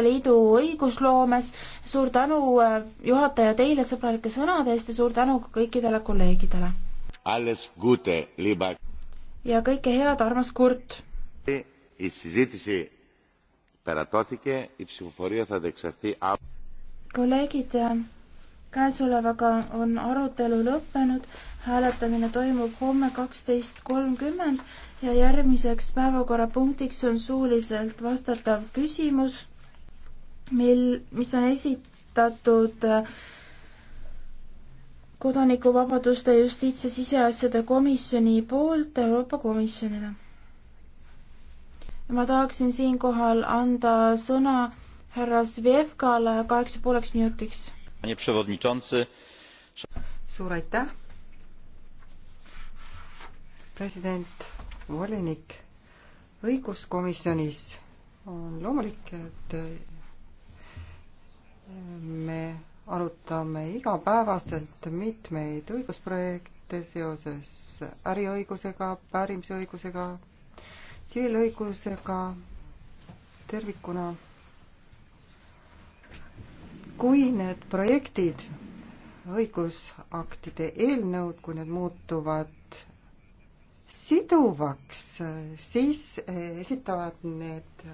Liidu õigusloomes. suur tänu äh, juhataja teile sõbralike sõnade eest ja suur tänu ka kõikidele kolleegidele. ja kõike head, armas Kurt. E, e e kolleegid, äh, käesolevaga on arutelu lõppenud, hääletamine toimub homme kaksteist kolmkümmend ja järgmiseks päevakorrapunktiks on suuliselt vastatav küsimus mil, mis on esitatud äh, kodanikuvabaduste justiits- ja siseasjade komisjoni poolt Euroopa Komisjonile. ma tahaksin siinkohal anda sõna härra Svjevkale kaheksa pooleks minutiks. suur aitäh, president, volinik, õiguskomisjonis on loomulik, et me arutame igapäevaselt mitmeid õigusprojekte seoses äriõigusega, pärimisõigusega, tsiviilõigusega tervikuna. kui need projektid, õigusaktide eelnõud, kui need muutuvad siduvaks, siis esitavad need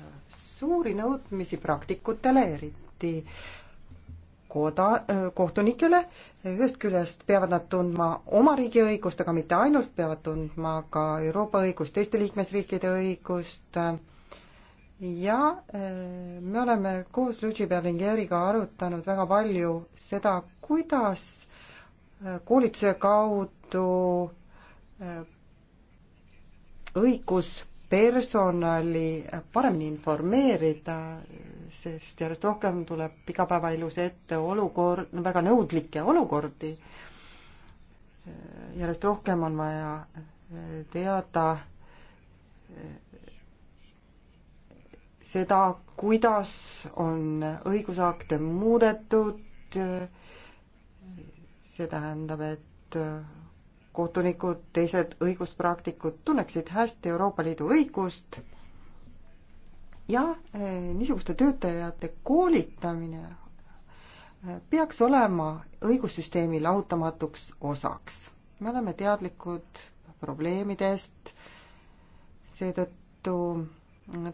suuri nõudmisi praktikutele, eriti koda, kohtunikele, ühest küljest peavad nad tundma oma riigi õigust, aga mitte ainult, peavad tundma ka Euroopa õigust, teiste liikmesriikide õigust ja eh, me oleme koos Luigi Berlingeriga arutanud väga palju seda, kuidas eh, koolituse kaudu eh, õigus personali paremini informeerida, sest järjest rohkem tuleb igapäevaelus ette olukord, no väga nõudlikke olukordi. järjest rohkem on vaja teada seda, kuidas on õigusakte muudetud, see tähendab, et kohtunikud, teised õiguspraktikud tunneksid hästi Euroopa Liidu õigust ja eh, niisuguste töötajate koolitamine eh, peaks olema õigussüsteemi lahutamatuks osaks. me oleme teadlikud probleemidest, seetõttu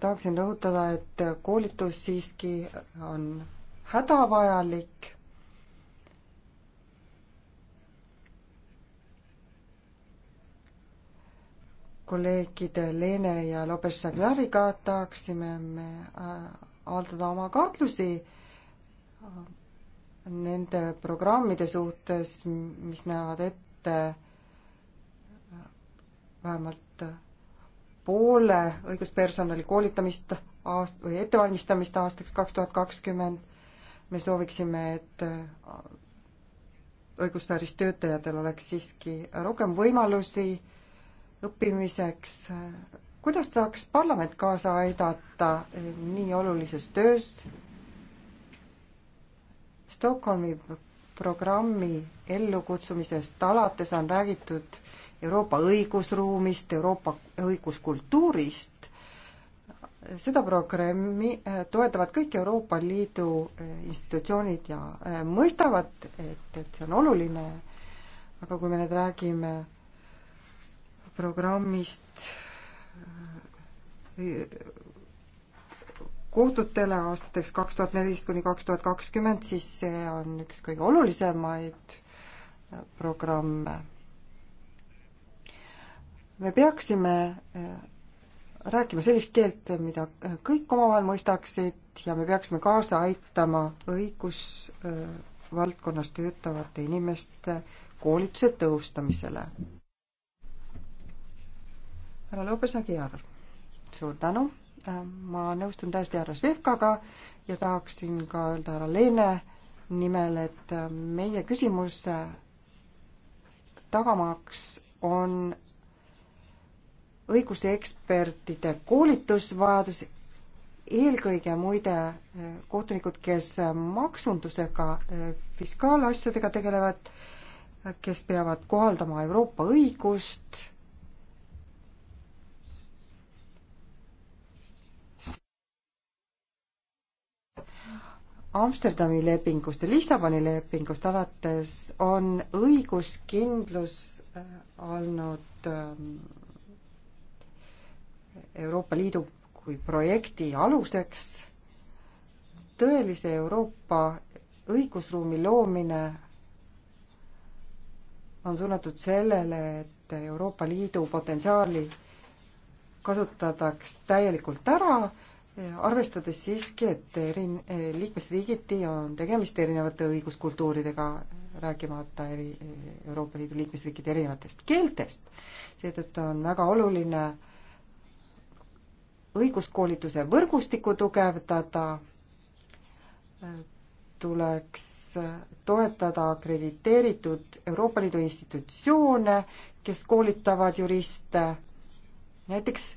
tahaksin rõhutada, et koolitus siiski on hädavajalik kolleegide Lene ja Lopez Saglariga tahaksime me äh, avaldada oma kahtlusi äh, nende programmide suhtes, mis näevad ette äh, vähemalt poole õiguspersonali koolitamist aast- või ettevalmistamist aastaks kaks tuhat kakskümmend. me sooviksime, et õigussfääris töötajatel oleks siiski rohkem võimalusi õppimiseks. kuidas saaks parlament kaasa aidata nii olulises töös? Stockholmi programmi ellukutsumisest alates on räägitud Euroopa õigusruumist, Euroopa õiguskultuurist. seda programmi toetavad kõik Euroopa Liidu institutsioonid ja mõistavad, et, et see on oluline. aga kui me nüüd räägime programmist kohtutele aastateks kaks tuhat neliteist kuni kaks tuhat kakskümmend, siis see on üks kõige olulisemaid programme. me peaksime eh, rääkima sellist keelt, mida kõik omavahel mõistaksid ja me peaksime kaasa aitama õigusvaldkonnas töötavate inimeste koolituse tõhustamisele härra Lopes Aguiar. suur tänu, äh, ma nõustun täiesti härra Svevkaga ja tahaksin ka öelda härra Leene nimel, et äh, meie küsimus äh, tagamaks on õigusekspertide koolitusvajadus, eelkõige muide kohtunikud, kes maksundusega, fiskaalasjadega tegelevad, kes peavad kohaldama Euroopa õigust Amsterdami lepingust ja Lissaboni lepingust alates on õiguskindlus äh, olnud ähm, Euroopa Liidu kui projekti aluseks. tõelise Euroopa õigusruumi loomine on suunatud sellele, et Euroopa Liidu potentsiaali kasutataks täielikult ära arvestades siiski, et erin-, eh, liikmesriigiti on tegemist erinevate õiguskultuuridega, rääkimata eri, eh, Euroopa Liidu liikmesriikide erinevatest keeltest, seetõttu on väga oluline õiguskoolituse võrgustikku tugevdada, eh, tuleks toetada akrediteeritud Euroopa Liidu institutsioone, kes koolitavad juriste, näiteks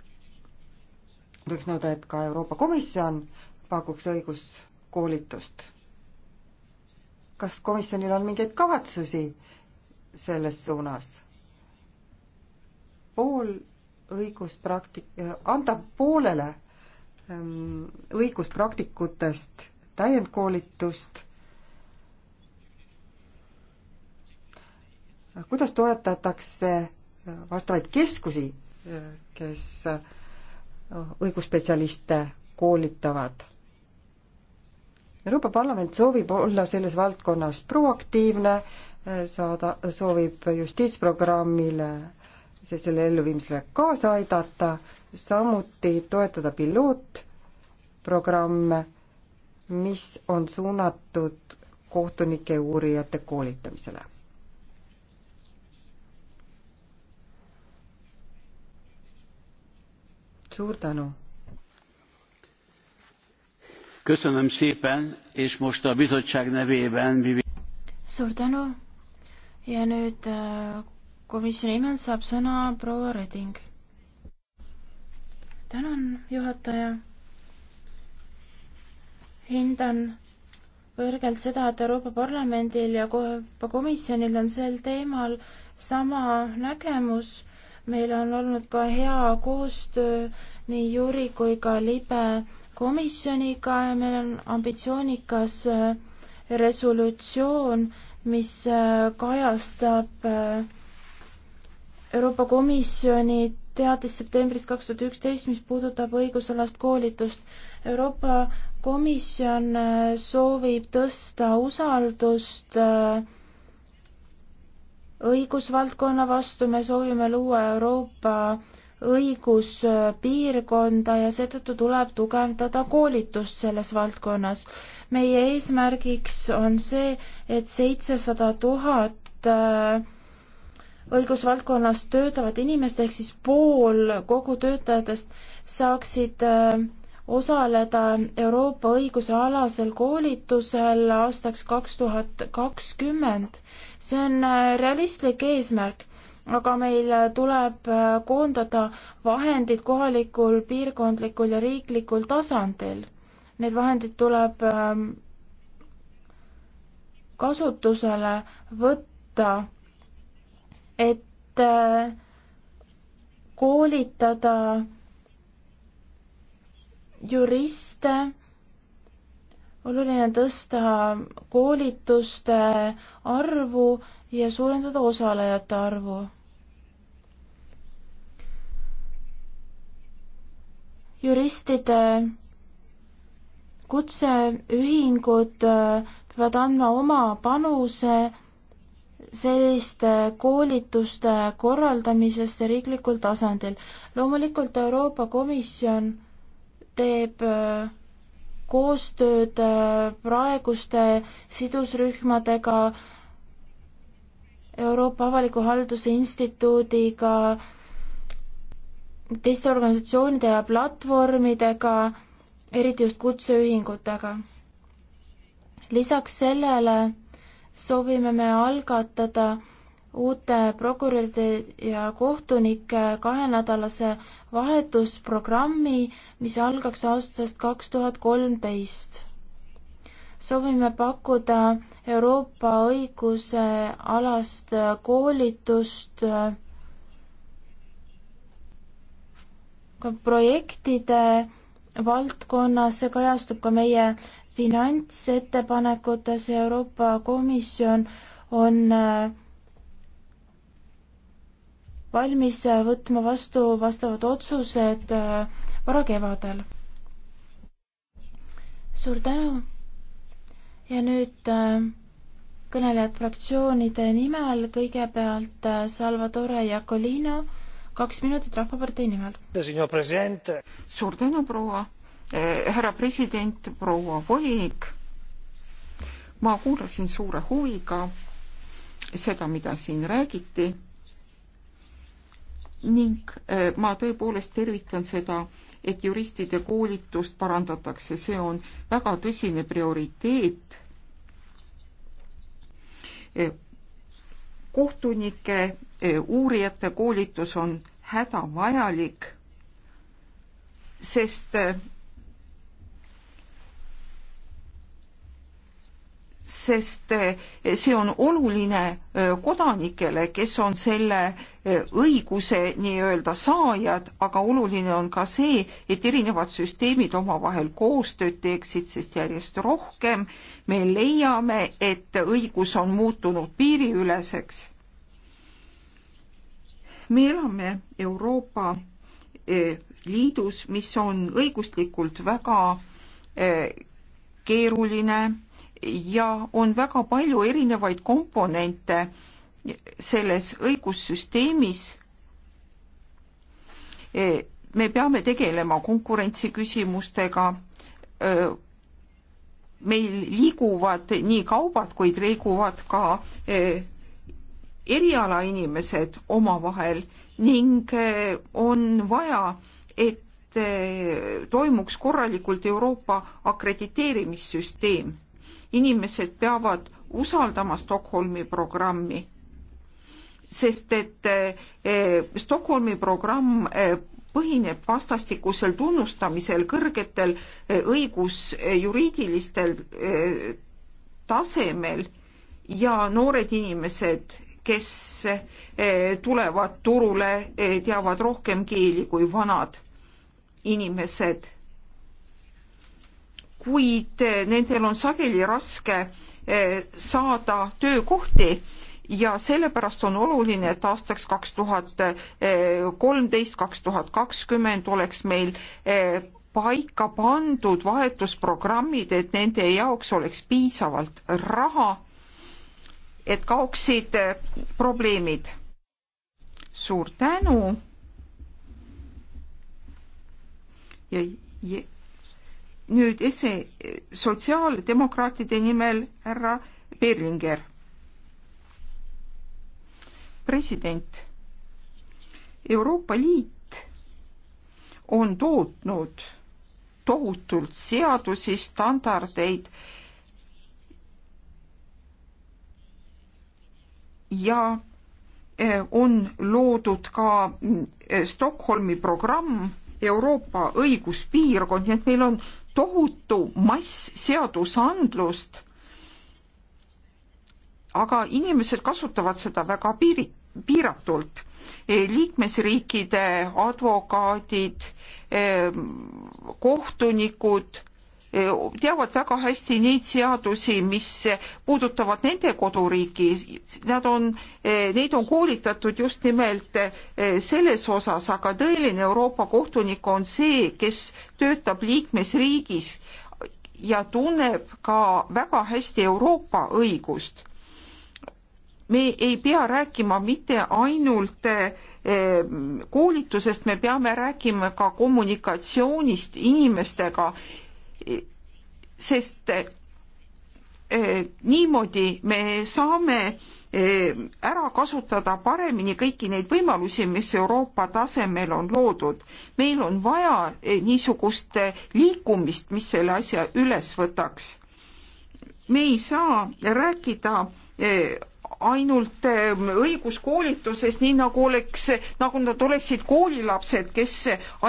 võiks nõuda, et ka Euroopa Komisjon pakuks õiguskoolitust. kas komisjonil on mingeid kavatsusi selles suunas? pool õiguspraktik-, anda poolele ähm, õiguspraktikutest täiendkoolitust. kuidas toetatakse vastavaid keskusi, äh, kes õigusspetsialiste koolitavad. Euroopa Parlament soovib olla selles valdkonnas proaktiivne, saada, soovib justiitsprogrammile, selle elluviimisele kaasa aidata, samuti toetada pilootprogramme, mis on suunatud kohtunike ja uurijate koolitamisele suur tänu. suur tänu ja nüüd äh, komisjoni nimel saab sõna proua Reding. tänan, juhataja. hindan kõrgelt seda, et Euroopa Parlamendil ja Euroopa Komisjonil on sel teemal sama nägemus meil on olnud ka hea koostöö nii Jüri kui ka Libe komisjoniga ja meil on ambitsioonikas äh, resolutsioon, mis äh, kajastab äh, Euroopa Komisjoni teatis septembrist kaks tuhat üksteist, mis puudutab õigusalast koolitust. Euroopa Komisjon soovib tõsta usaldust äh, õigusvaldkonna vastu, me soovime luua Euroopa õiguspiirkonda ja seetõttu tuleb tugevdada koolitust selles valdkonnas. meie eesmärgiks on see, et seitsesada tuhat äh, õigusvaldkonnas töötavat inimest ehk siis pool kogu töötajatest saaksid äh, osaleda Euroopa õiguse alasel koolitusel aastaks kaks tuhat kakskümmend see on äh, realistlik eesmärk, aga meil äh, tuleb äh, koondada vahendid kohalikul, piirkondlikul ja riiklikul tasandil. Need vahendid tuleb ähm, kasutusele võtta, et koolitada juriste oluline tõsta koolituste arvu ja suurendada osalejate arvu. juristide kutseühingud peavad andma oma panuse selliste koolituste korraldamisesse riiklikul tasandil. loomulikult Euroopa Komisjon teeb äh, koostööd äh, praeguste sidusrühmadega, Euroopa Avaliku Halduse Instituudiga, teiste organisatsioonide ja platvormidega, eriti just kutseühingutega. lisaks sellele soovime me algatada uute prokuröride ja kohtunike kahenädalase vahetusprogrammi, mis algaks aastast kaks tuhat kolmteist. soovime pakkuda Euroopa õiguse alast koolitust ka projektide valdkonnas, see kajastub ka meie finantsettepanekutes ja Euroopa Komisjon on äh, valmis äh, võtma vastu vastavad otsused äh, varakevadel. suur tänu ja nüüd äh, kõnelejad fraktsioonide nimel, kõigepealt Salvatore Jacolino, kaks minutit Rahvapartei nimel. suur tänu, proua äh,, härra president, proua volinik. ma kuulasin suure huviga seda, mida siin räägiti ning eh, ma tõepoolest tervitan seda, et juristide koolitust parandatakse, see on väga tõsine prioriteet. Eh, kohtunike, eh, uurijate koolitus on hädavajalik, sest sest eh, see on oluline eh, kodanikele, kes on selle eh, õiguse nii-öelda saajad, aga oluline on ka see, et erinevad süsteemid omavahel koostööd teeksid, sest järjest rohkem me leiame, et õigus on muutunud piiriüleseks. me elame Euroopa Liidus, mis on õiguslikult väga keeruline ja on väga palju erinevaid komponente selles õigussüsteemis. E, me peame tegelema konkurentsi küsimustega. E, meil liiguvad nii kaubad, kuid liiguvad ka e, erialainimesed omavahel ning on vaja, et Eh, toimuks korralikult Euroopa akrediteerimissüsteem. inimesed peavad usaldama Stockholmi programmi, sest et eh, Stockholmi programm eh, põhineb vastastikusel tunnustamisel kõrgetel õigusjuriidilistel tasemel ja noored inimesed kes tulevad turule, teavad rohkem keeli kui vanad inimesed, kuid eh, nendel on sageli raske eh, saada töökohti ja sellepärast on oluline, et aastaks kaks tuhat eh, kolmteist, kaks tuhat kakskümmend oleks meil paika pandud vahetusprogrammid, et nende jaoks oleks piisavalt raha, et kaoksid probleemid. suur tänu ja, ja nüüd ese sotsiaaldemokraatide nimel härra Berlinger. president, Euroopa Liit on tootnud tohutult seadusi, standardeid ja eh, on loodud ka mm, eh, Stockholmi programm Euroopa õiguspiirkond, nii et meil on tohutu mass seadusandlust, aga inimesed kasutavad seda väga piiri, piiratult. E, liikmesriikide advokaadid, e, kohtunikud teavad väga hästi neid seadusi, mis puudutavad nende koduriiki, nad on, neid on koolitatud just nimelt eh, selles osas, aga tõeline Euroopa kohtunik on see, kes töötab liikmesriigis ja tunneb ka väga hästi Euroopa õigust. me ei pea rääkima mitte ainult eh, koolitusest, me peame rääkima ka kommunikatsioonist inimestega sest eh, niimoodi me saame eh, ära kasutada paremini kõiki neid võimalusi, mis Euroopa tasemel on loodud. meil on vaja eh, niisugust liikumist, mis selle asja üles võtaks. me ei saa rääkida ainult ähm, õiguskoolitusest, nii nagu oleks, nagu nad oleksid koolilapsed, kes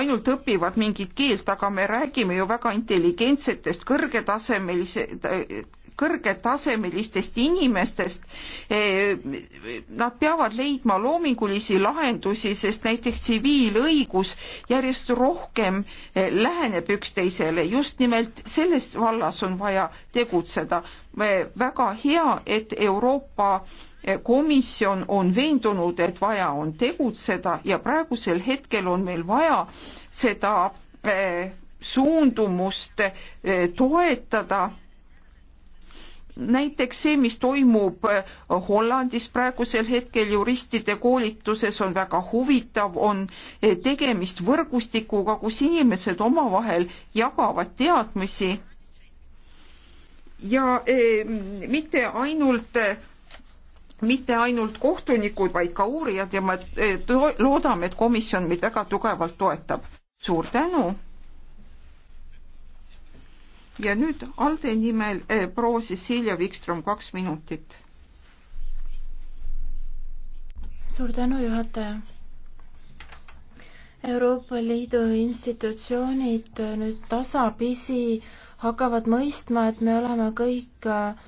ainult õpivad mingit keelt, aga me räägime ju väga intelligentsetest, kõrgetasemelise, kõrgetasemelistest inimestest. Eh, nad peavad leidma loomingulisi lahendusi, sest näiteks tsiviilõigus järjest rohkem eh, läheneb üksteisele, just nimelt selles vallas on vaja tegutseda. väga hea, et Euroopa eh, komisjon on veendunud, et vaja on tegutseda ja praegusel hetkel on meil vaja seda suundumust toetada näiteks see, mis toimub äh, Hollandis praegusel hetkel juristide koolituses, on väga huvitav, on äh, tegemist võrgustikuga, kus inimesed omavahel jagavad teadmisi ja eh, mitte ainult äh, mitte ainult kohtunikud, vaid ka uurijad ja me loodame, et komisjon meid väga tugevalt toetab. suur tänu! ja nüüd ALDE nimel eh, proua Cecilia Wikström, kaks minutit. suur tänu, juhataja. Euroopa Liidu institutsioonid eh, nüüd tasapisi hakkavad mõistma, et me oleme kõik eh,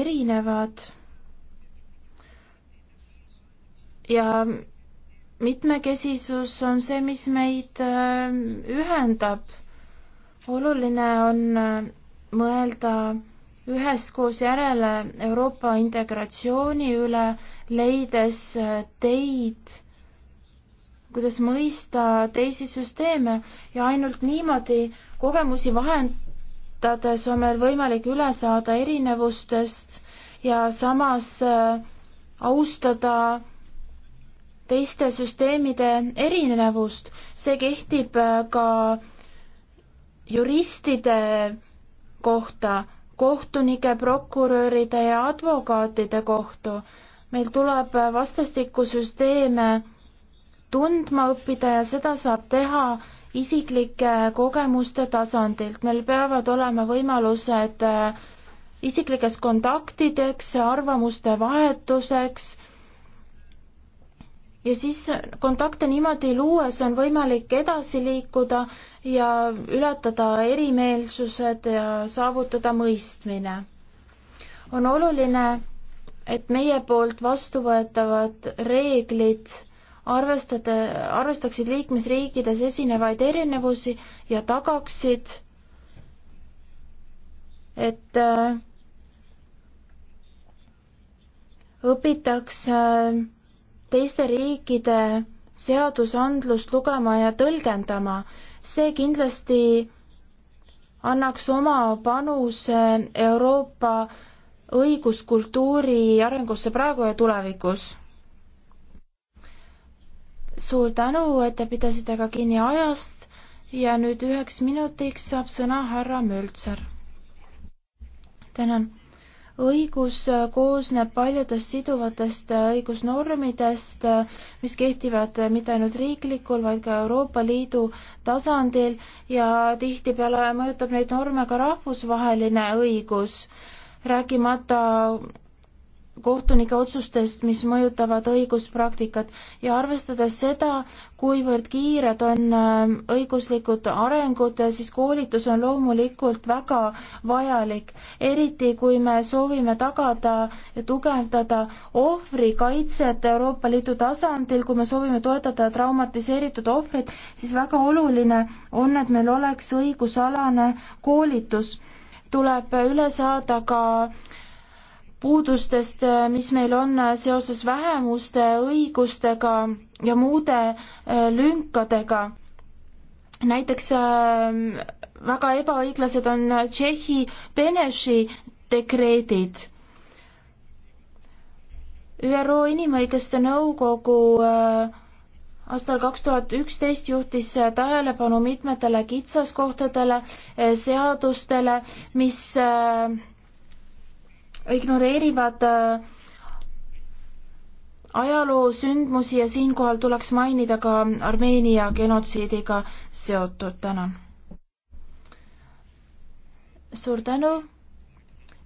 erinevad ja mitmekesisus on see, mis meid eh, ühendab oluline on äh, mõelda üheskoos järele Euroopa integratsiooni üle, leides äh, teid, kuidas mõista teisi süsteeme ja ainult niimoodi kogemusi vahendades on meil võimalik üle saada erinevustest ja samas äh, austada teiste süsteemide erinevust. see kehtib ka juristide kohta, kohtunike, prokuröride ja advokaatide kohtu. meil tuleb vastastikku süsteeme tundma õppida ja seda saab teha isiklike kogemuste tasandilt. meil peavad olema võimalused isiklikeks kontaktideks, arvamuste vahetuseks ja siis kontakte niimoodi luues on võimalik edasi liikuda ja ületada erimeelsused ja saavutada mõistmine. on oluline, et meie poolt vastuvõetavad reeglid arvestada, arvestaksid liikmesriikides esinevaid erinevusi ja tagaksid, et äh, õpitakse teiste riikide seadusandlust lugema ja tõlgendama. see kindlasti annaks oma panuse Euroopa õiguskultuuri arengusse praegu ja tulevikus. suur tänu, et te pidasite ka kinni ajast ja nüüd üheks minutiks saab sõna härra Möltser. tänan õigus äh, koosneb paljudest siduvatest äh, õigusnormidest, äh, mis kehtivad mitte ainult riiklikul, vaid ka Euroopa Liidu tasandil ja tihtipeale mõjutab neid norme ka rahvusvaheline õigus, rääkimata kohtunike otsustest, mis mõjutavad õiguspraktikat ja arvestades seda, kuivõrd kiired on ähm, õiguslikud arengud, siis koolitus on loomulikult väga vajalik, eriti kui me soovime tagada ja tugevdada ohvrikaitset Euroopa Liidu tasandil, kui me soovime toetada traumatiseeritud ohvrit, siis väga oluline on, et meil oleks õigusalane koolitus tuleb üle saada ka äh, puudustest, mis meil on seoses vähemuste õigustega ja muude äh, lünkadega. näiteks äh, väga ebaõiglased on Tšehhi Beneši dekreedid. ÜRO Inimõiguste Nõukogu äh, aastal kaks tuhat üksteist juhtis tähelepanu mitmetele kitsaskohtadele, seadustele, mis äh, ignoreerivad äh, ajaloosündmusi ja siinkohal tuleks mainida ka Armeenia genotsiidiga seotud. tänan. suur tänu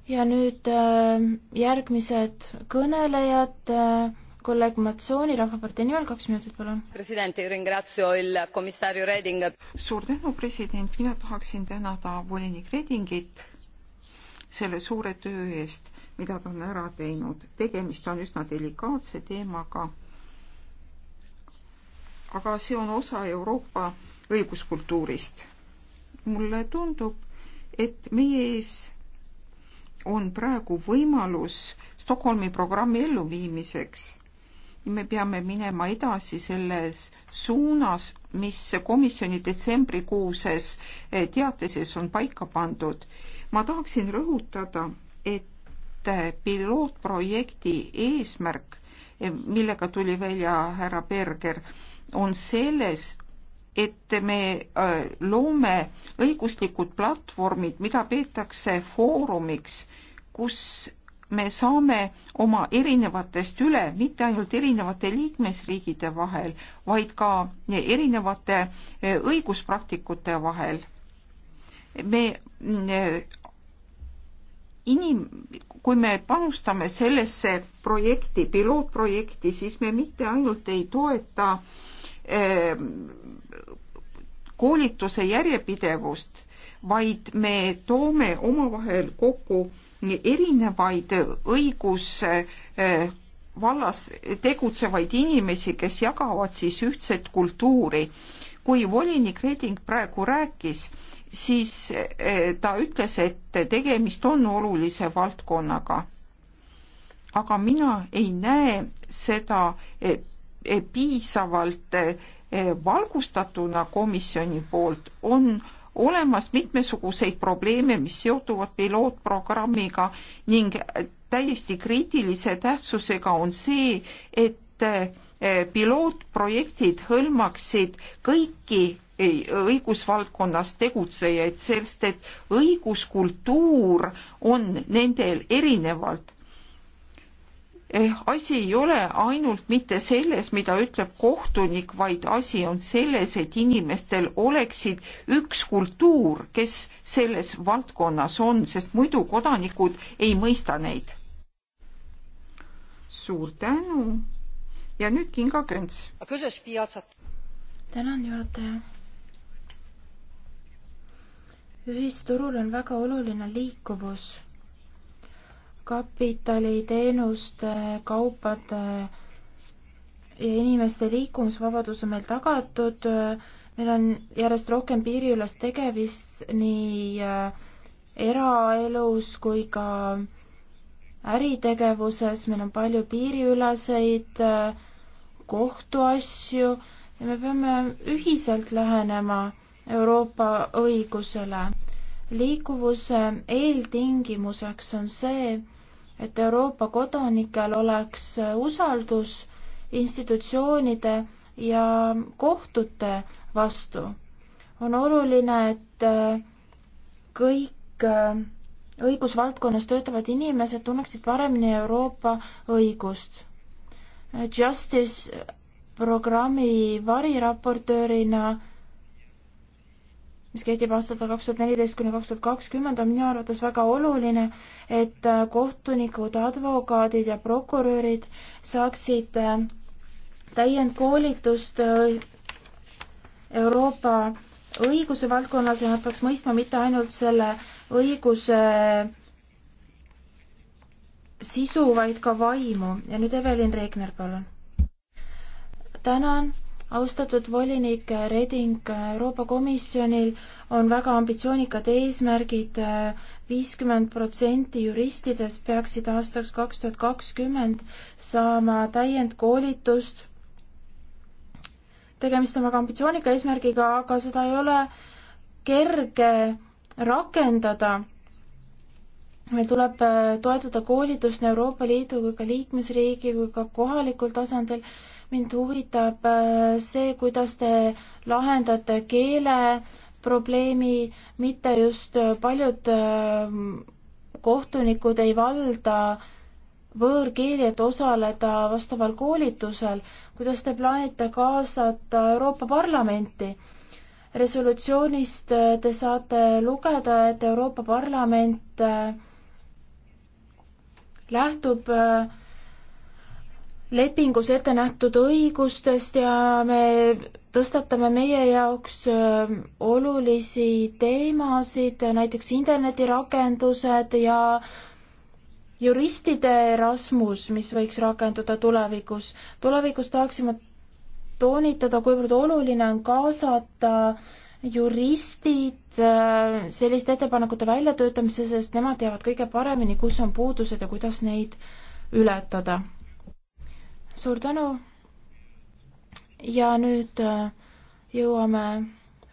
ja nüüd äh, järgmised kõnelejad äh, kolleeg Matsooni Rahvapartei nimel, kaks minutit, palun. suur tänu, president, mina tahaksin tänada volinik Redingit selle suure töö eest, mida ta on ära teinud. tegemist on üsna delikaatse teemaga. aga see on osa Euroopa õiguskultuurist. mulle tundub, et meie ees on praegu võimalus Stockholmi programmi elluviimiseks. me peame minema edasi selles suunas, mis komisjoni detsembrikuuses teatises on paika pandud ma tahaksin rõhutada, et pilootprojekti eesmärk, millega tuli välja härra Berger, on selles, et me äh, loome õiguslikud platvormid, mida peetakse foorumiks, kus me saame oma erinevatest üle, mitte ainult erinevate liikmesriigide vahel, vaid ka erinevate äh, õiguspraktikute vahel. me äh, inim-, kui me panustame sellesse projekti, pilootprojekti, siis me mitte ainult ei toeta ehm, koolituse järjepidevust, vaid me toome omavahel kokku erinevaid õigusvallas eh, tegutsevaid inimesi, kes jagavad siis ühtset kultuuri kui volinik Reding praegu rääkis, siis eh, ta ütles, et tegemist on olulise valdkonnaga. aga mina ei näe seda eh, eh, piisavalt valgustatuna komisjoni poolt, on olemas mitmesuguseid probleeme, mis seotuvad pilootprogrammiga ning täiesti kriitilise tähtsusega on see, et Eh, pilootprojektid hõlmaksid kõiki eh, õigusvaldkonnas tegutsejaid, sest et õiguskultuur on nendel erinevalt. Eh, asi ei ole ainult mitte selles, mida ütleb kohtunik, vaid asi on selles, et inimestel oleksid üks kultuur, kes selles valdkonnas on, sest muidu kodanikud ei mõista neid. suur tänu ja nüüd Kinga Künts. tänan, juhataja. ühisturul on väga oluline liikuvus. kapitali, teenuste, kaupade ja inimeste liikumisvabadus on meil tagatud. meil on järjest rohkem piiriülest tegevist nii äh, eraelus kui ka äritegevuses, meil on palju piiriüleseid äh, kohtuasju ja me peame ühiselt lähenema Euroopa õigusele. liikuvuse eeltingimuseks on see, et Euroopa kodanikel oleks usaldus institutsioonide ja kohtute vastu. on oluline, et äh, kõik äh, õigusvaldkonnas töötavad inimesed tunneksid paremini Euroopa õigust Justice programmi variraportöörina, mis kehtib aastate kaks tuhat neliteist kuni kaks tuhat kakskümmend, on minu arvates väga oluline, et kohtunikud, advokaadid ja prokurörid saaksid äh, täiendkoolitust äh, Euroopa õiguse valdkonnas ja nad peaks mõistma mitte ainult selle õiguse sisu, vaid ka vaimu ja nüüd Evelin Reegner, palun. tänan, austatud volinik Reding, Euroopa Komisjonil on väga ambitsioonikad eesmärgid, viiskümmend protsenti juristidest peaksid aastaks kaks tuhat kakskümmend saama täiendkoolitust. tegemist on väga ambitsioonika eesmärgiga, aga seda ei ole kerge rakendada meil tuleb äh, toetada koolitust nii Euroopa Liidu kui ka liikmesriigi kui ka kohalikul tasandil. mind huvitab äh, see, kuidas te lahendate keeleprobleemi, mitte just äh, paljud kohtunikud ei valda võõrkeeli, et osaleda vastaval koolitusel. kuidas te plaanite kaasata Euroopa Parlamenti? resolutsioonist te saate lugeda, et Euroopa Parlament äh, lähtub äh, lepingus ette nähtud õigustest ja me tõstatame meie jaoks äh, olulisi teemasid, näiteks internetirakendused ja juristide Erasmus, mis võiks rakenduda tulevikus. tulevikus tahaksime toonitada, kuivõrd oluline on kaasata juristid äh, selliste ettepanekute väljatöötamise, sest nemad teavad kõige paremini, kus on puudused ja kuidas neid ületada. suur tänu. ja nüüd äh, jõuame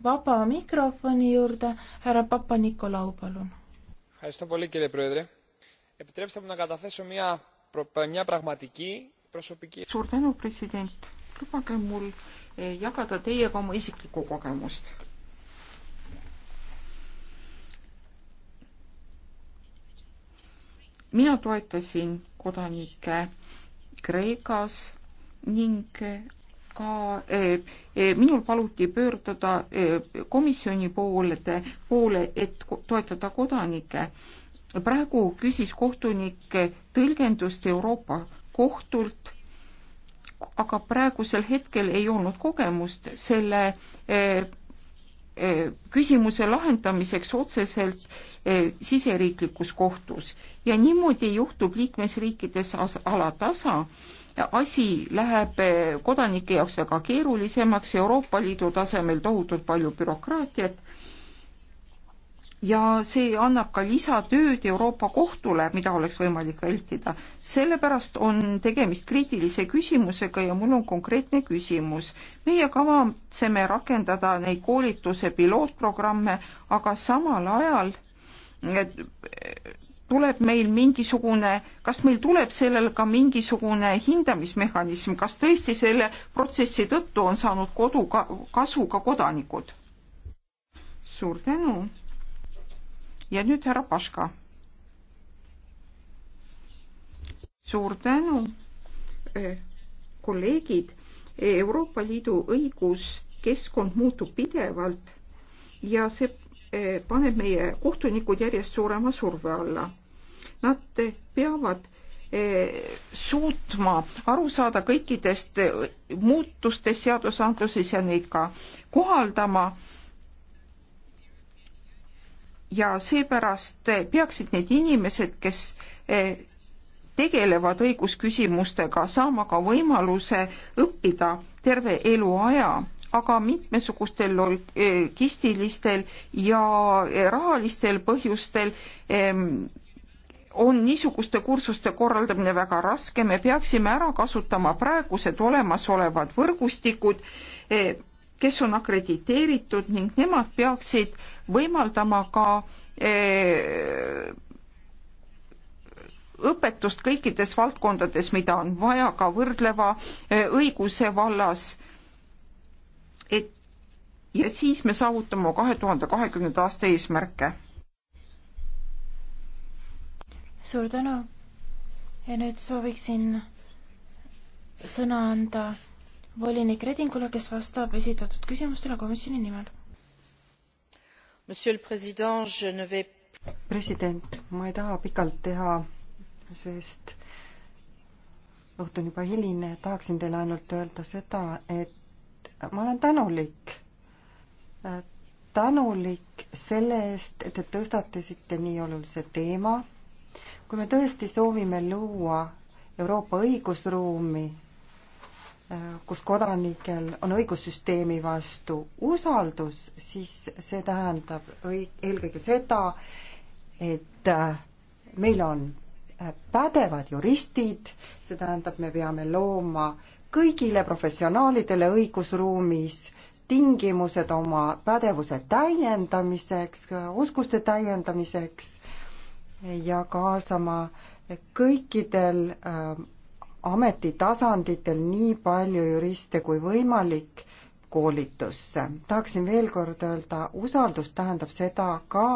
vaba mikrofoni juurde. härra Papa-Nikolau, palun. suur tänu, president. lubage mul jagada teiega oma isiklikku kogemust mina toetasin kodanikke Kreekas ning ka eh, eh, minul paluti pöörduda eh, komisjoni poolde, poole, et toetada kodanikke. praegu küsis kohtunik tõlgendust Euroopa kohtult, aga praegusel hetkel ei olnud kogemust selle eh, Eh, küsimuse lahendamiseks otseselt eh, siseriiklikus kohtus ja niimoodi juhtub liikmesriikides alatasa. asi läheb eh, kodanike jaoks väga keerulisemaks, Euroopa Liidu tasemel tohutult palju bürokraatiat ja see annab ka lisatööd Euroopa Kohtule, mida oleks võimalik vältida. sellepärast on tegemist kriitilise küsimusega ja mul on konkreetne küsimus. meie kavatseme rakendada neid koolituse pilootprogramme, aga samal ajal eh, tuleb meil mingisugune, kas meil tuleb sellel ka mingisugune hindamismehhanism, kas tõesti selle protsessi tõttu on saanud kodu ka, kasu ka kodanikud? suur tänu ja nüüd härra Paška. suur tänu, eh, kolleegid. Euroopa Liidu õiguskeskkond muutub pidevalt ja see eh, paneb meie kohtunikud järjest suurema surve alla. Nad eh, peavad suutma aru saada kõikidest muutustest seadusandluses ja neid ka kohaldama ja seepärast eh, peaksid need inimesed, kes eh, tegelevad õigusküsimustega, saama ka võimaluse õppida terve eluaja, aga mitmesugustel logistilistel eh, ja rahalistel põhjustel ehm, on niisuguste kursuste korraldamine väga raske, me peaksime ära kasutama praegused olemasolevad võrgustikud kes on akrediteeritud ning nemad peaksid võimaldama ka eh, õpetust kõikides valdkondades, mida on vaja ka võrdleva eh, õiguse vallas. et ja siis me saavutame kahe tuhande kahekümnenda aasta eesmärke. suur tänu ja nüüd sooviksin sõna anda volinik Redingule, kes vastab esitatud küsimustele komisjoni nimel. president, ma ei taha pikalt teha, sest õhtu on juba hiline, tahaksin teile ainult öelda seda, et ma olen tänulik, tänulik selle eest, et te tõstatasite nii olulise teema. kui me tõesti soovime luua Euroopa õigusruumi, kus kodanikel on õigussüsteemi vastu usaldus, siis see tähendab õig-, eelkõige seda, et äh, meil on äh, pädevad juristid, see tähendab, me peame looma kõigile professionaalidele õigusruumis tingimused oma pädevuse täiendamiseks, oskuste täiendamiseks ja kaasama kõikidel äh, ametitasanditel nii palju juriste kui võimalik koolitusse. tahaksin veel kord öelda, usaldus tähendab seda ka,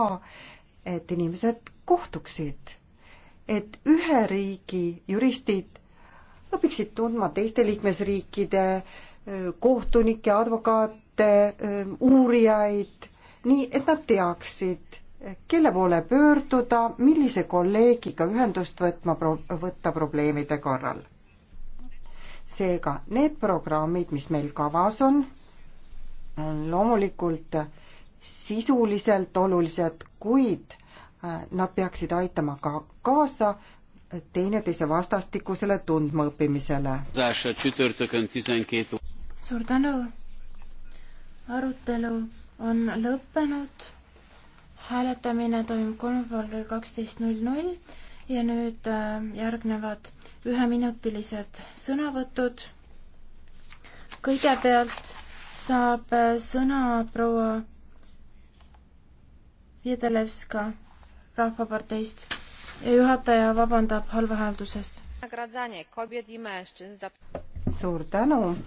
et inimesed kohtuksid, et ühe riigi juristid õpiksid tundma teiste liikmesriikide kohtunikke, advokaate, uurijaid, nii et nad teaksid, kelle poole pöörduda, millise kolleegiga ühendust võtma, võtta probleemide korral seega need programmid, mis meil kavas on, on loomulikult sisuliselt olulised, kuid äh, nad peaksid aitama ka kaasa teineteise vastastikusele tundmaõppimisele. suur tänu. arutelu on lõppenud. hääletamine toimub kolmapäeval kell kaksteist null null ja nüüd äh, järgnevad üheminutilised sõnavõtud. kõigepealt saab äh, sõna proua Vjedelevska Rahvaparteist ja juhataja vabandab halva hääldusest. suur tänu